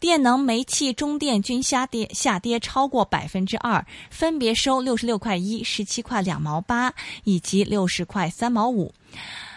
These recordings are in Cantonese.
電能、煤氣、中電均下跌，下跌超過百分之二，分別收六十六塊一、十七塊兩毛八以及六十塊三毛五。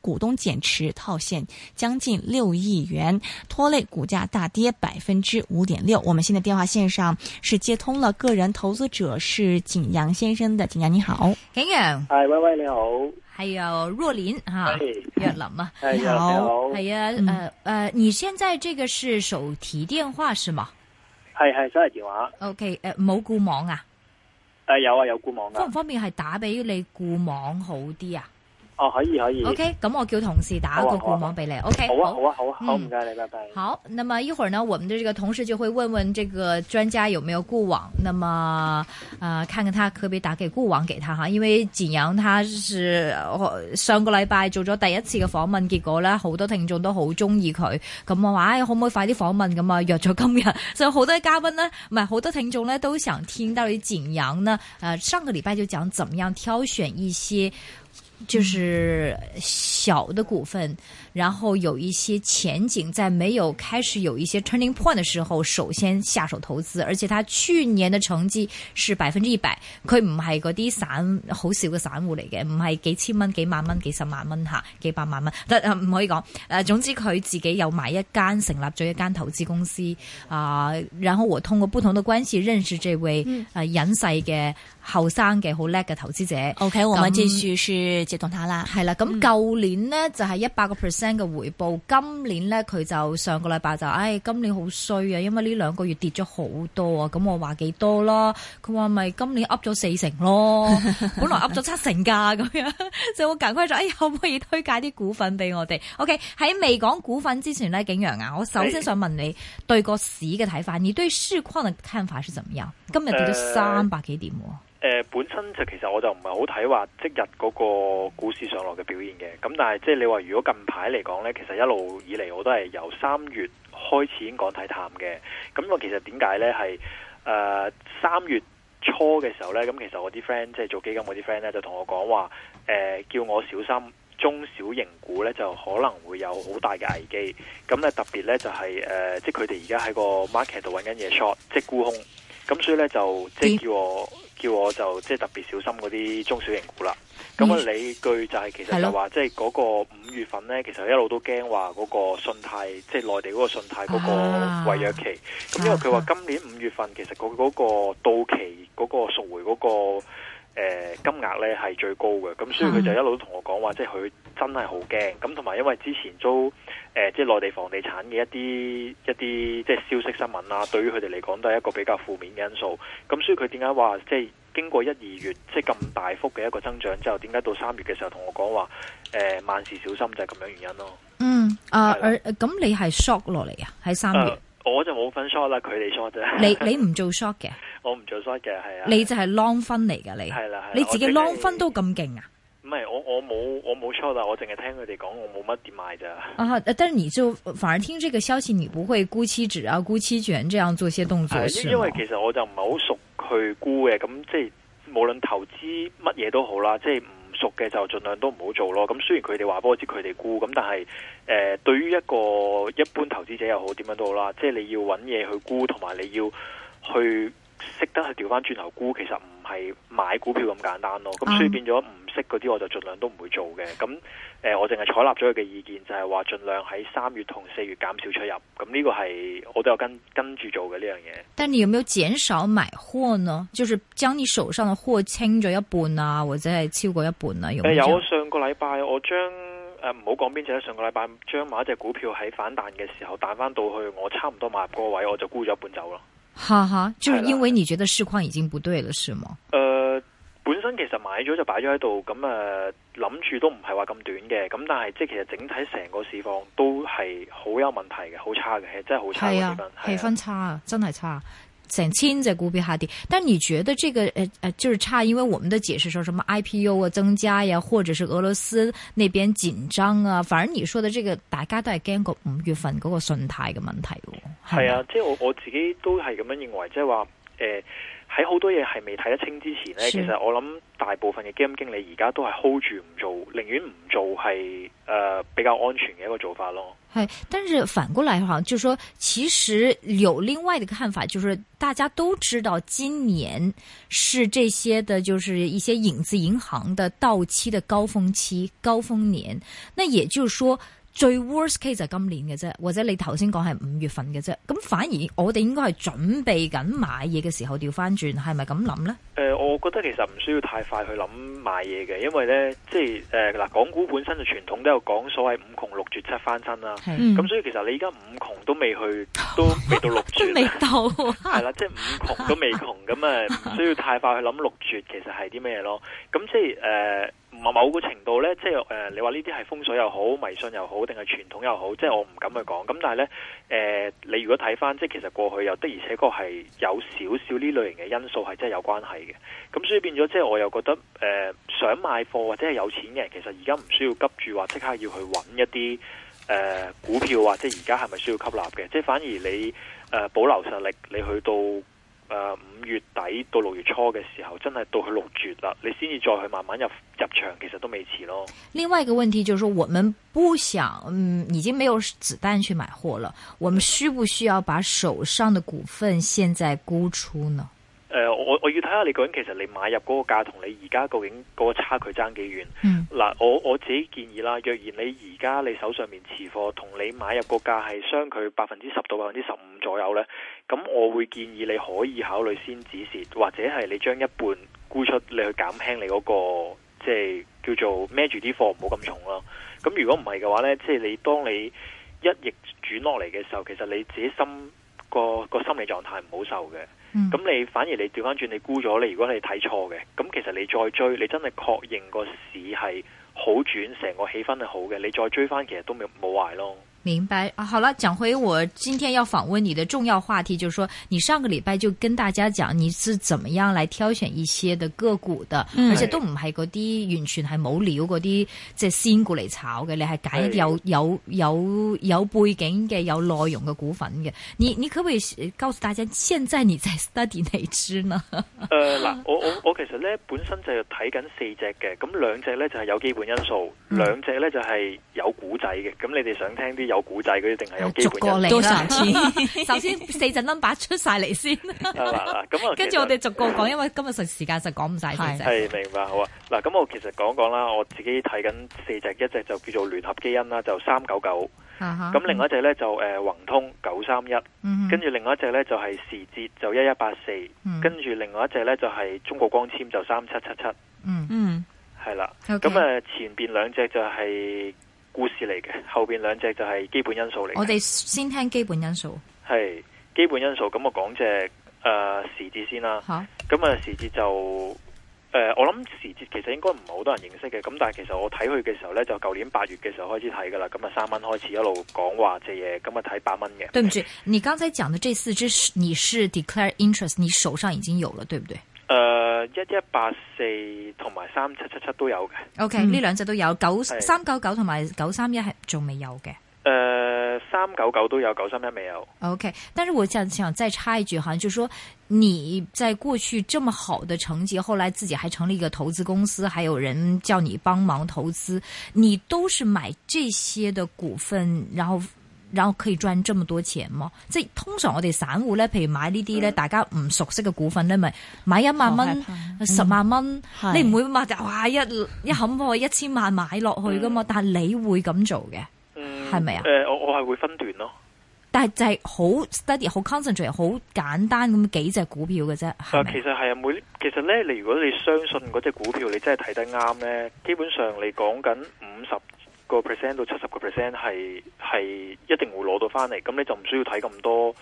股東減持套現將近六億元，拖累股價大跌百分之五點六。我們現在電話線上是接通了，個人投資者是景羊先生的。景羊你好，景羊，Hi，喂喂，你好。還有若琳哈，若、hey. 琳啊，hey. 啊 hey, 你好，係、hey, 啊，hey, 嗯、uh, uh, 你現在這個是手提電話是嗎？係係手提電話。OK，呃，冇固網啊？誒、uh,，有啊，有固網啊。方唔方便係打俾你固網好啲啊？哦，可以可以。O K，咁我叫同事打一個固網俾你。O K，好啊好啊好啊，好唔該你，拜拜，啊 okay, 嗯。好，那麼一會兒呢，我們的這個同事就會問問這個專家有沒有固網，那麼，啊、呃，看看他可不可以打給固網給他哈，因為景羊他是上個禮拜做咗第一次嘅訪問，結果呢，好多聽眾都好中意佢，咁我話唉，可唔可以快啲訪問咁啊？約咗今日，所以好多嘉賓呢，唔係好多聽眾呢，都想聽到，有景羊呢、呃，上個禮拜就講怎麼樣挑選一些。就是小的股份。.然後有一些前景，在沒有開始有一些 turning point 的時候，首先下手投資。而且他去年的成績是百分之一百，佢唔係嗰啲散好少嘅散戶嚟嘅，唔係幾千蚊、幾萬蚊、幾十萬蚊吓、幾百萬蚊，但唔、呃、可以講。誒、呃，總之佢自己有買一間，成立咗一間投資公司。啊、呃，然後我通過不同的關係認識這位誒、嗯呃、隱世嘅後生嘅好叻嘅投資者。O、okay, K，、嗯、我們繼續是接通他了、嗯、啦。係啦，咁舊年呢就係一百個 percent。嘅回報，今年咧佢就上個禮拜就，唉、哎，今年好衰啊，因為呢兩個月跌咗好多啊，咁我話幾多咯、啊，佢話咪今年 up 咗四成咯， 本來 up 咗七成噶，咁樣，所以我近排就，哎，可唔可以推介啲股份俾我哋？OK，喺未講股份之前咧，景羊啊，我首先想問你對個市嘅睇法、哎，你對市況嘅看法是怎樣？今日跌咗三百幾點？呃、本身就其實我就唔係好睇話即日嗰個股市上落嘅表現嘅。咁但係即係你話如果近排嚟講呢，其實一路以嚟我都係由三月開始已經講睇淡嘅。咁我其實點解呢？係三、呃、月初嘅時候呢，咁其實我啲 friend 即係做基金我啲 friend 呢，就同我講話，誒、呃、叫我小心中小型股呢，就可能會有好大嘅危機。咁咧特別呢、就是，就係誒，即係佢哋而家喺個 market 度揾緊嘢 short，即係沽空。咁所以呢就，就即係叫我。嗯叫我就即係、就是、特別小心嗰啲中小型股啦。咁啊，理據就係、是、其實就話即係嗰個五月份咧，其實一路都驚話嗰個信貸，即、就、係、是、內地嗰個信貸嗰個違約期。咁、啊、因為佢話今年五月份其實佢嗰個到期嗰、那個贖回嗰、那個。誒，金額咧，係最高嘅，咁所以佢就一路同我講話，即係佢真係好驚。咁同埋因為之前租誒、呃，即係內地房地產嘅一啲一啲即係消息新聞啦、啊，對於佢哋嚟講都係一個比較負面嘅因素。咁所以佢點解話即係經過一二月即係咁大幅嘅一個增長之後，點解到三月嘅時候同我講話，誒萬事小心，就係咁樣原因咯。嗯啊，咁你係 short 落嚟啊？喺三、啊、月我就冇分 short 啦，佢哋 short 啫。你你唔做 short 嘅？我唔做 short 嘅，係啊，你就係 long 分嚟噶，你係啦，係、啊啊、你自己 long 分都咁勁啊？唔係，我我冇我冇 short 啦，我淨係聽佢哋講，我冇乜點買咋。啊，但係你就反而聽這個消息，你唔會沽期指啊，沽期卷這樣做些動作、啊、因為其實我就唔係好熟去沽嘅，咁即係無論投資乜嘢都好啦，即係唔熟嘅就盡量都唔好做咯。咁雖然佢哋話俾我知佢哋沽，咁但係誒、呃，對於一個一般投資者又好，點樣都好啦，即係你要搵嘢去沽，同埋你要去。識得去調翻轉頭沽，其實唔係買股票咁簡單咯。咁、嗯、所以變咗唔識嗰啲，我就盡量都唔會做嘅。咁誒、呃，我淨係採納咗佢嘅意見，就係話盡量喺三月同四月減少出入。咁呢個係我都有跟跟住做嘅呢樣嘢。但你有沒有減少買貨呢？就係將你手上嘅貨清咗一半啊，或者係超過一半啊有有，呃。有上個禮拜我將誒唔好講邊隻，上個禮拜將某一隻股票喺反彈嘅時候彈翻到去，我差唔多買入個位，我就沽咗一半走咯。哈哈，就是因為你覺得市況已經不對了，對了是嗎？誒、呃，本身其實買咗就擺咗喺度，咁誒諗住都唔係話咁短嘅，咁、嗯、但係即係其實整體成個市況都係好有問題嘅，好差嘅，真係好差嘅氣氛，氣氛差啊，啊差真係差成千隻股票下跌。但你覺得這個誒誒、呃，就是差，因為我們的解釋說什麼 IPO 啊增加呀、啊，或者是俄羅斯那邊緊張啊，反而你說的這個，大家都係驚過五月份嗰個信貸嘅問題、啊。係啊，即係我我自己都係咁樣認為，即係話，誒喺好多嘢係未睇得清之前呢，其實我諗大部分嘅基金經理而家都係 hold 住唔做，寧願唔做係誒、呃、比較安全嘅一個做法咯。係，但是反過來的話，就說其實有另外一個看法，就是大家都知道今年是這些的，就是一些影子銀行的到期的高峰期，高峰年，那也就是說。最 worst case 就係今年嘅啫，或者你頭先講係五月份嘅啫，咁反而我哋應該係準備緊買嘢嘅時候調翻轉，係咪咁諗呢？誒、呃，我覺得其實唔需要太快去諗買嘢嘅，因為呢，即係誒嗱，港股本身就傳統都有講所謂五窮六絕七翻身啦。嗯。咁所以其實你而家五窮都未去，都未到六絕。未到。係啦，即係五窮都未窮，咁誒，唔需要太快去諗六絕，其實係啲咩咯？咁即係誒。呃唔係某個程度呢，即係誒、呃，你話呢啲係風水又好、迷信又好，定係傳統又好，即係我唔敢去講。咁但係呢，誒、呃，你如果睇翻，即係其實過去又的，而且確係有少少呢類型嘅因素係真係有關係嘅。咁所以變咗，即係我又覺得誒、呃，想買貨或者係有錢嘅人，其實而家唔需要急住話即刻要去揾一啲誒、呃、股票，或者而家係咪需要吸納嘅？即係反而你誒、呃、保留實力，你去到。誒、呃，五月底到六月初嘅時候，真係到去六絕啦，你先至再去慢慢入入場，其實都未遲咯。另外一個問題就係，我們不想，嗯，已經沒有子彈去買貨了，我們需不需要把手上的股份現在沽出呢？誒、呃，我我要睇下你究竟其實你買入嗰個價同你而家究竟嗰個差距爭幾遠？嗱、嗯，我我自己建議啦，若然你而家你手上面持貨同你買入個價係相距百分之十到百分之十五左右咧，咁我會建議你可以考慮先止蝕，或者係你將一半沽出，你去減輕你嗰、嗰個即係叫做孭住啲貨唔好咁重咯。咁如果唔係嘅話咧，即係你當你一逆轉落嚟嘅時候，其實你自己心、個、個心理狀態唔好受嘅。咁你反而你調翻轉你沽咗，你如果你睇錯嘅，咁其實你再追，你真係確認個市係好轉，成個氣氛係好嘅，你再追翻其實都冇冇壞咯。明白啊，好啦，景羊我今天要訪問你的重要話題，就是說你上個禮拜就跟大家講，你是怎麼樣來挑選一些的個股的，嗯、而且都唔係嗰啲完全係冇料嗰啲即係仙股嚟炒嘅，你係揀一啲有、嗯、有有有背景嘅，有內容嘅股份嘅。你你可唔可以告訴大家，現在你在 study 哪支呢？誒 嗱，呃，我我我其實咧，本身就係睇緊四隻嘅，咁兩隻咧就係有基本因素，兩隻咧就係有故仔嘅。咁你哋想聽啲有？古仔佢一定係有機會入嚟首先。 四隻 number 出晒嚟先，咁啊，跟住我哋逐個講， 因為今日實時間實講唔晒。先。係 明白好啊。嗱，咁我其實講講啦，我自己睇緊四隻，一隻就叫做聯合基因啦，就三九九。咁另外一隻咧就誒宏、呃、通九三一。跟住、uh -huh. 另外一隻咧就係、是、時捷，就一一八四。跟住另外一隻咧就係、是、中國光纖，就三七七七。嗯嗯，係啦。咁、okay. 啊，前邊兩隻就係、是。故事嚟嘅，後邊兩隻就係基本因素嚟。我哋先聽基本因素。係基本因素，咁我講隻誒時節先啦。吓，咁啊時節就誒、呃，我諗時節其實應該唔係好多人認識嘅。咁但係其實我睇佢嘅時候咧，就舊年八月嘅時候開始睇噶啦。咁啊三蚊開始一路講話隻嘢，咁啊睇八蚊嘅。對唔住，你剛才講嘅這四隻，你是 declare interest，你手上已經有了，對唔對？誒，一一八四同埋三七七七都有嘅。OK，呢、嗯、兩隻都有九三九九同埋九三一係仲未有嘅。誒，三九九都有，九三一未有。OK，但是我想想再插一句哈，好像就說你在過去這麼好的成績，後來自己還成立一個投資公司，還有人叫你幫忙投資，你都是買這些的股份，然後。然後可以賺這麼多錢麼？即係通常我哋散戶咧，譬如買呢啲咧，大家唔熟悉嘅股份咧，咪買一萬蚊，嗯、十萬蚊，你唔會話哇一一冚一千萬買落去噶嘛，嗯？但係你會咁做嘅，係咪啊？誒、呃，我我係會分段咯。但係就係好 study，好 concentrate，好簡單咁幾隻股票嘅啫。其實係啊，每其實咧，你如果你相信嗰隻股票，你真係睇得啱咧，基本上你講緊五十。個 percent 到七十個 percent 係係一定會攞到翻嚟，咁你就唔需要睇咁多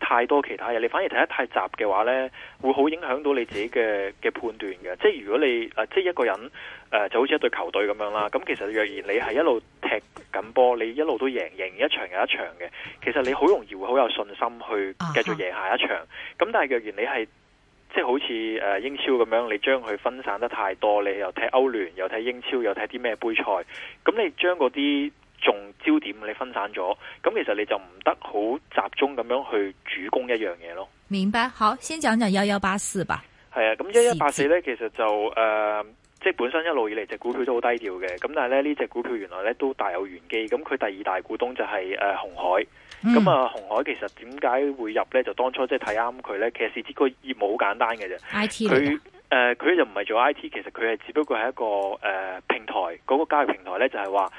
太多其他嘢，你反而睇得太雜嘅話呢，會好影響到你自己嘅嘅判斷嘅。即係如果你，呃、即係一個人，呃、就好似一隊球隊咁樣啦。咁其實若然你係一路踢緊波，你一路都贏，贏一場又一場嘅，其實你好容易會好有信心去繼續贏下一場。咁但係若然你係，即係好似誒英超咁樣，你將佢分散得太多，你又睇歐聯，又睇英超，又睇啲咩杯賽，咁你將嗰啲重焦點你分散咗，咁其實你就唔得好集中咁樣去主攻一樣嘢咯。明白，好，先講講1184吧。係啊，咁1184咧，其實就誒、呃，即係本身一路以嚟隻股票都好低調嘅，咁但係咧，呢隻股票原來咧都大有玄機，咁佢第二大股東就係、是、誒、呃、紅海。咁、嗯嗯、啊，紅海其實點解會入呢？就當初即係睇啱佢呢，其實時捷個業務好簡單嘅啫，IT。佢、啊、佢、呃、就唔係做 IT，其實佢係只不過係一個、呃、平台，嗰、那個交易平台呢，就係話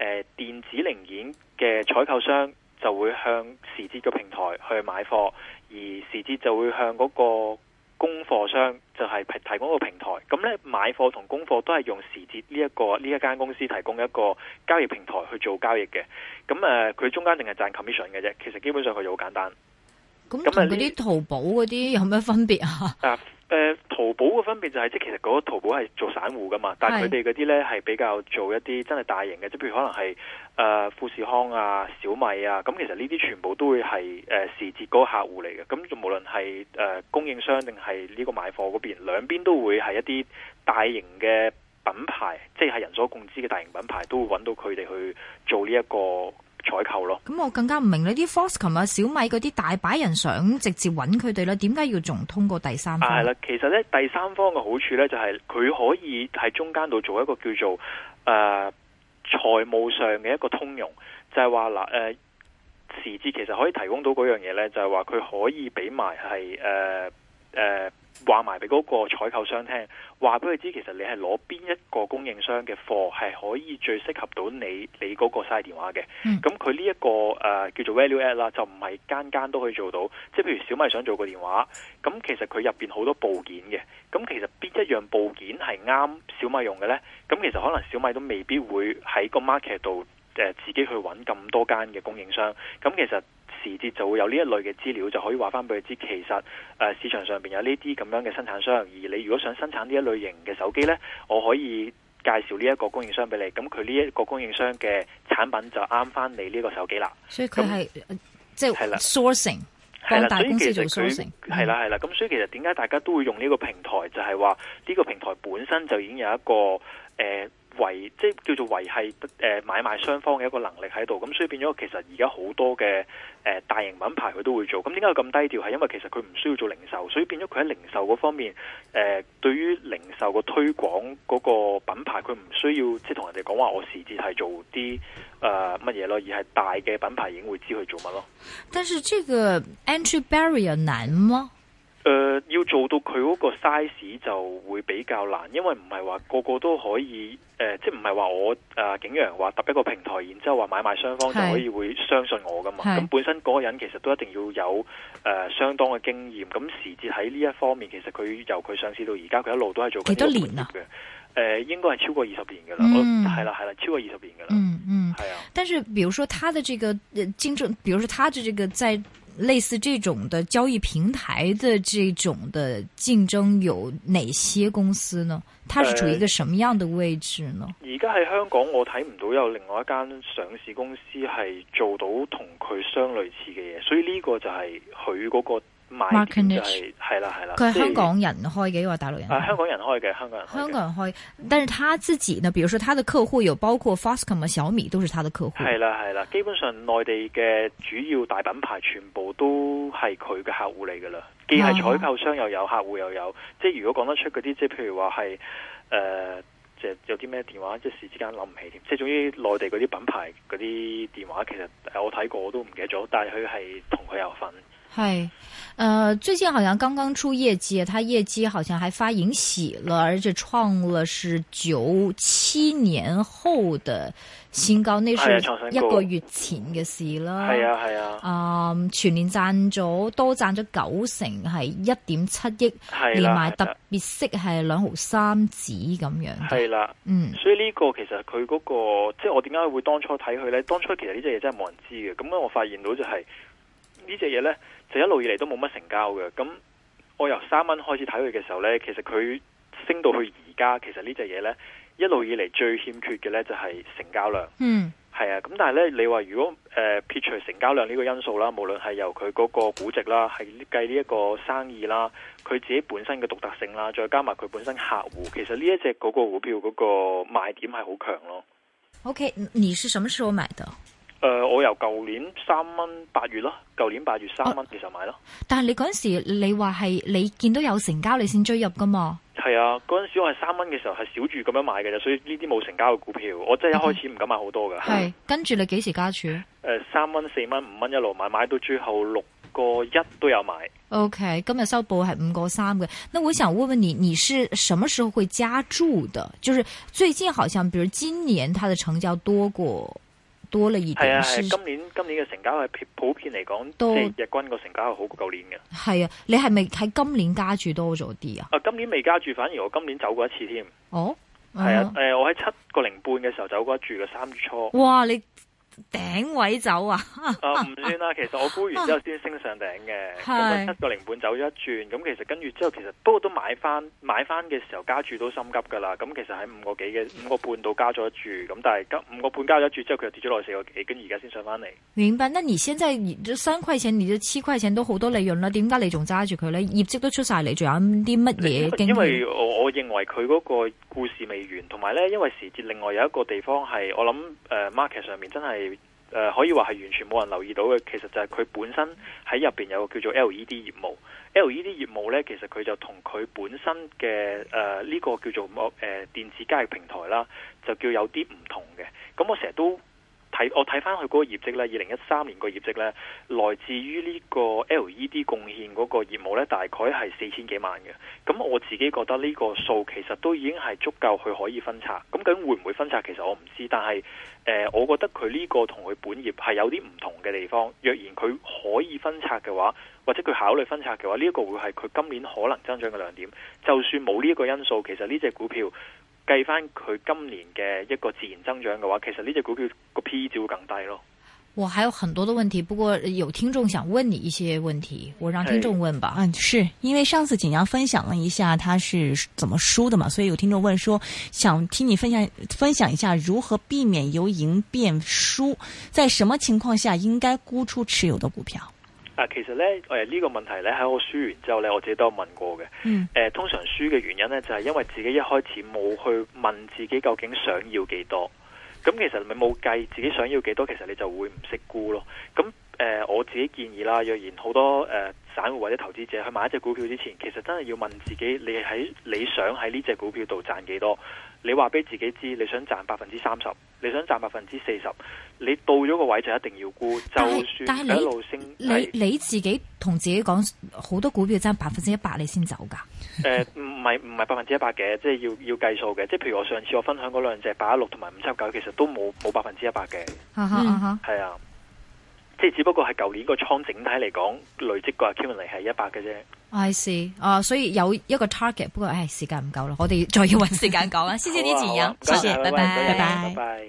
誒電子零件嘅採購商就會向時捷嘅平台去買貨，而時捷就會向嗰、那個，供貨商就係提供一個平台，咁呢買貨同供貨都係用時捷呢、這個、一個呢一間公司提供一個交易平台去做交易嘅，咁誒佢中間淨係賺 commission 嘅啫，其實基本上佢就好簡單。咁同嗰啲淘寶嗰啲有咩分別啊？ 誒淘寶個分別就係，即其實嗰個淘寶係做散戶噶嘛，但係佢哋嗰啲咧係比較做一啲真係大型嘅，即譬如可能係誒富士康啊、小米啊，咁其實呢啲全部都會係誒時節嗰個客戶嚟嘅，咁就無論係誒供應商定係呢個買貨嗰邊，兩邊都會係一啲大型嘅品牌，即係人所共知嘅大型品牌，都會揾到佢哋去做呢一個。採購咯，咁我更加唔明你啲 Fox 琴日、小米嗰啲大把人想直接揾佢哋啦，點解要仲通過第三方？係、啊、啦，其實呢第三方嘅好處咧就係、是、佢可以喺中間度做一個叫做誒財、呃、務上嘅一個通用，就係話嗱誒時至其實可以提供到嗰樣嘢咧，就係話佢可以俾埋係誒。呃誒、呃，話埋俾嗰個採購商聽，話俾佢知其實你係攞邊一個供應商嘅貨係可以最適合到你你嗰個 size 電話嘅。咁佢呢一個誒、呃、叫做 value add 啦，就唔係間間都可以做到。即係譬如小米想做個電話，咁其實佢入邊好多部件嘅，咁其實邊一樣部件係啱小米用嘅呢？咁其實可能小米都未必會喺個 market 度、呃、自己去揾咁多間嘅供應商。咁其實。時節就會有呢一類嘅資料，就可以話翻俾佢知。其實誒、呃、市場上邊有呢啲咁樣嘅生產商，而你如果想生產呢一類型嘅手機呢，我可以介紹呢一個供應商俾你。咁佢呢一個供應商嘅產品就啱翻你呢個手機啦。所以佢係即係係啦，sourcing 係啦。所以其實佢係啦係啦。咁所以其實點解大家都會用呢個平台？就係話呢個平台本身就已經有一個誒。呃維即係叫做維係，誒買賣雙方嘅一個能力喺度，咁所以變咗其實而家好多嘅誒大型品牌佢都會做，咁點解佢咁低調？係因為其實佢唔需要做零售，所以變咗佢喺零售嗰方面誒、呃，對於零售個推廣嗰個品牌，佢唔需要即係同人哋講話，我時節係做啲誒乜嘢咯，而係大嘅品牌已經會知佢做乜咯。但是這個 entry barrier 難嗎？誒、呃，要做到佢嗰個 size 就會比較難，因為唔係話個個都可以誒、呃，即係唔係話我誒、呃、景羊話揼一個平台，然之後話買賣雙方就可以會相信我噶嘛？咁本身嗰個人其實都一定要有誒、呃、相當嘅經驗。咁時至喺呢一方面，其實佢由佢上市到而家，佢一路都係做的幾多年啊？誒、呃，應該係超過二十年噶啦，係啦係啦，超過二十年噶啦。嗯嗯，係啊。但是，比如說他的這個競爭，比如說他的這個在。類似這種的交易平台的這種的競爭有哪些公司呢？它是處於一個什麼樣的位置呢？而家喺香港，我睇唔到有另外一間上市公司係做到同佢相類似嘅嘢，所以呢個就係佢嗰個。m 係啦係啦，佢係香港人開嘅，因為大陸人。啊，香港人開嘅香港。香港人開，港人開，但是他自己呢？比如說他的客戶有包括 Foscom 啊、小米，都是他的客戶。係啦係啦，基本上內地嘅主要大品牌，全部都係佢嘅客戶嚟噶啦。既係採購商又有客戶又有，即係如果講得出嗰啲，即係譬如話係誒，即係有啲咩電話，一時之間諗唔起添。即係總之內地嗰啲品牌嗰啲電話，其實我睇過我都唔記得咗，但係佢係同佢有份。嗨，誒、呃，最近好像剛剛出業績，佢業績好像還發盈喜了，而且創了是九七年後的新高，呢算一個月前嘅事啦。係啊係啊，是啊、呃，全年賺咗多賺咗九成，係一點七億，連埋、啊啊、特別息係兩毫三紙咁樣。係啦、啊啊，嗯，所以呢個其實佢嗰、那個，即係我點解會當初睇佢呢？當初其實呢隻嘢真係冇人知嘅，咁我發現到就係呢隻嘢呢。就一路以嚟都冇乜成交嘅，咁我由三蚊開始睇佢嘅時候呢，其實佢升到去而家，其實呢隻嘢呢，一路以嚟最欠缺嘅呢，就係成交量。嗯，係啊，咁但係呢，你話如果、呃、撇除成交量呢個因素啦，無論係由佢嗰個估值啦，係計呢一個生意啦，佢自己本身嘅獨特性啦，再加埋佢本身客戶，其實呢一隻嗰個股票嗰個賣點係好強咯。OK，你是什麼時候買的？誒、呃，我由舊年三蚊八月咯，舊年八月三蚊嘅時候買咯、啊。但係你嗰陣時，你話係你見到有成交，你先追入噶嘛？係啊，嗰陣時我係三蚊嘅時候係少住咁樣買嘅啫，所以呢啲冇成交嘅股票，我真係一開始唔敢買好多噶。係、嗯、跟住你幾時加注？誒、呃，三蚊、四蚊、五蚊一路買，買到最後六個一都有買。OK，今日收報係五個三嘅。那我想問問你，你是什麼時候會加注的？就是最近好像，比如今年，它的成交多過。多啦，而家，係、啊啊、今年今年嘅成交係普遍嚟講都，都即係、日均個成交係好過舊年嘅。係啊，你係咪喺今年加注多咗啲啊？啊，今年未加注，反而我今年走過一次添。哦，係啊，誒、啊呃，我喺七個零半嘅時候走過一注嘅三月初。哇，你！頂位走啊！唔、 啊、算啦，其實我沽完之後先升上頂嘅，咁 七個零半走咗一轉，咁其實跟住之後其實不過都買翻買翻嘅時候加住都心急噶啦，咁其實喺五個幾嘅五個半度加咗一注，咁但係五個半加咗一注之後佢又跌咗落四個幾，跟住而家先上翻嚟。明白，那你現在三塊錢、你七塊錢都好多利潤啦，點解你仲揸住佢咧？業績都出晒嚟，仲有啲乜嘢？因為我，我認為佢嗰個故事未完，同埋咧因為時節，另外有一個地方係我諗 market、呃、上面真係。誒、呃、可以話係完全冇人留意到嘅，其實就係佢本身喺入面有個叫做 LED 業務，LED 業務咧，其實佢就同佢本身嘅誒呢個叫做、呃、電子交易平台啦，就叫有啲唔同嘅。咁我成日都。係我睇翻佢嗰個業績咧，二零一三年個業績咧，來自於呢個 LED 貢獻嗰個業務咧，大概係四千幾萬嘅。咁我自己覺得呢個數其實都已經係足夠佢可以分拆。咁究竟會唔會分拆？其實我唔知。但係、呃、我覺得佢呢個同佢本業係有啲唔同嘅地方。若然佢可以分拆嘅話，或者佢考慮分拆嘅話，呢一個會係佢今年可能增長嘅亮點。就算冇呢一個因素，其實呢隻股票。計翻佢今年嘅一個自然增長嘅話，其實呢隻股票個 P 就會更低咯。我還有很多的問題，不過有聽眾想問你一些問題，我讓聽眾問吧。嗯，是因為上次景羊分享了一下他是怎麼輸的嘛，所以有聽眾問說想聽你分享分享一下如何避免由贏變輸，在什麼情況下應該沽出持有的股票？嗱、啊，其實咧，誒、呃、呢、這個問題咧喺我輸完之後咧，我自己都有問過嘅、嗯呃。通常輸嘅原因咧，就係、是、因為自己一開始冇去問自己究竟想要幾多，咁其實咪冇計自己想要幾多，其實你就會唔識估咯，咁。誒、呃，我自己建議啦，若然好多誒散戶或者投資者去買一隻股票之前，其實真係要問自己，你喺你想喺呢隻股票度賺幾多？你話俾自己知，你想賺百分之三十，你想賺百分之四十，你到咗個位就一定要沽，就算一路升。你你，你自己同自己講，好多股票爭百分之一百，你先走噶？誒、 呃，唔係唔係百分之一百嘅，即係、就是、要要計數嘅。即、就、係、是、譬如我上次我分享嗰兩隻八一六同埋五七九，其實都冇冇百分之一百嘅。嗯、啊。即係只不過係舊年個倉整體嚟講累積個 accumulation 係一百嘅啫。I see 啊，所以有一個 target，不過唉、哎，時間唔夠咯。我哋再要找 時間講夠 啊。先、啊、謝謝你，景陽，多謝，拜拜，拜拜，拜拜。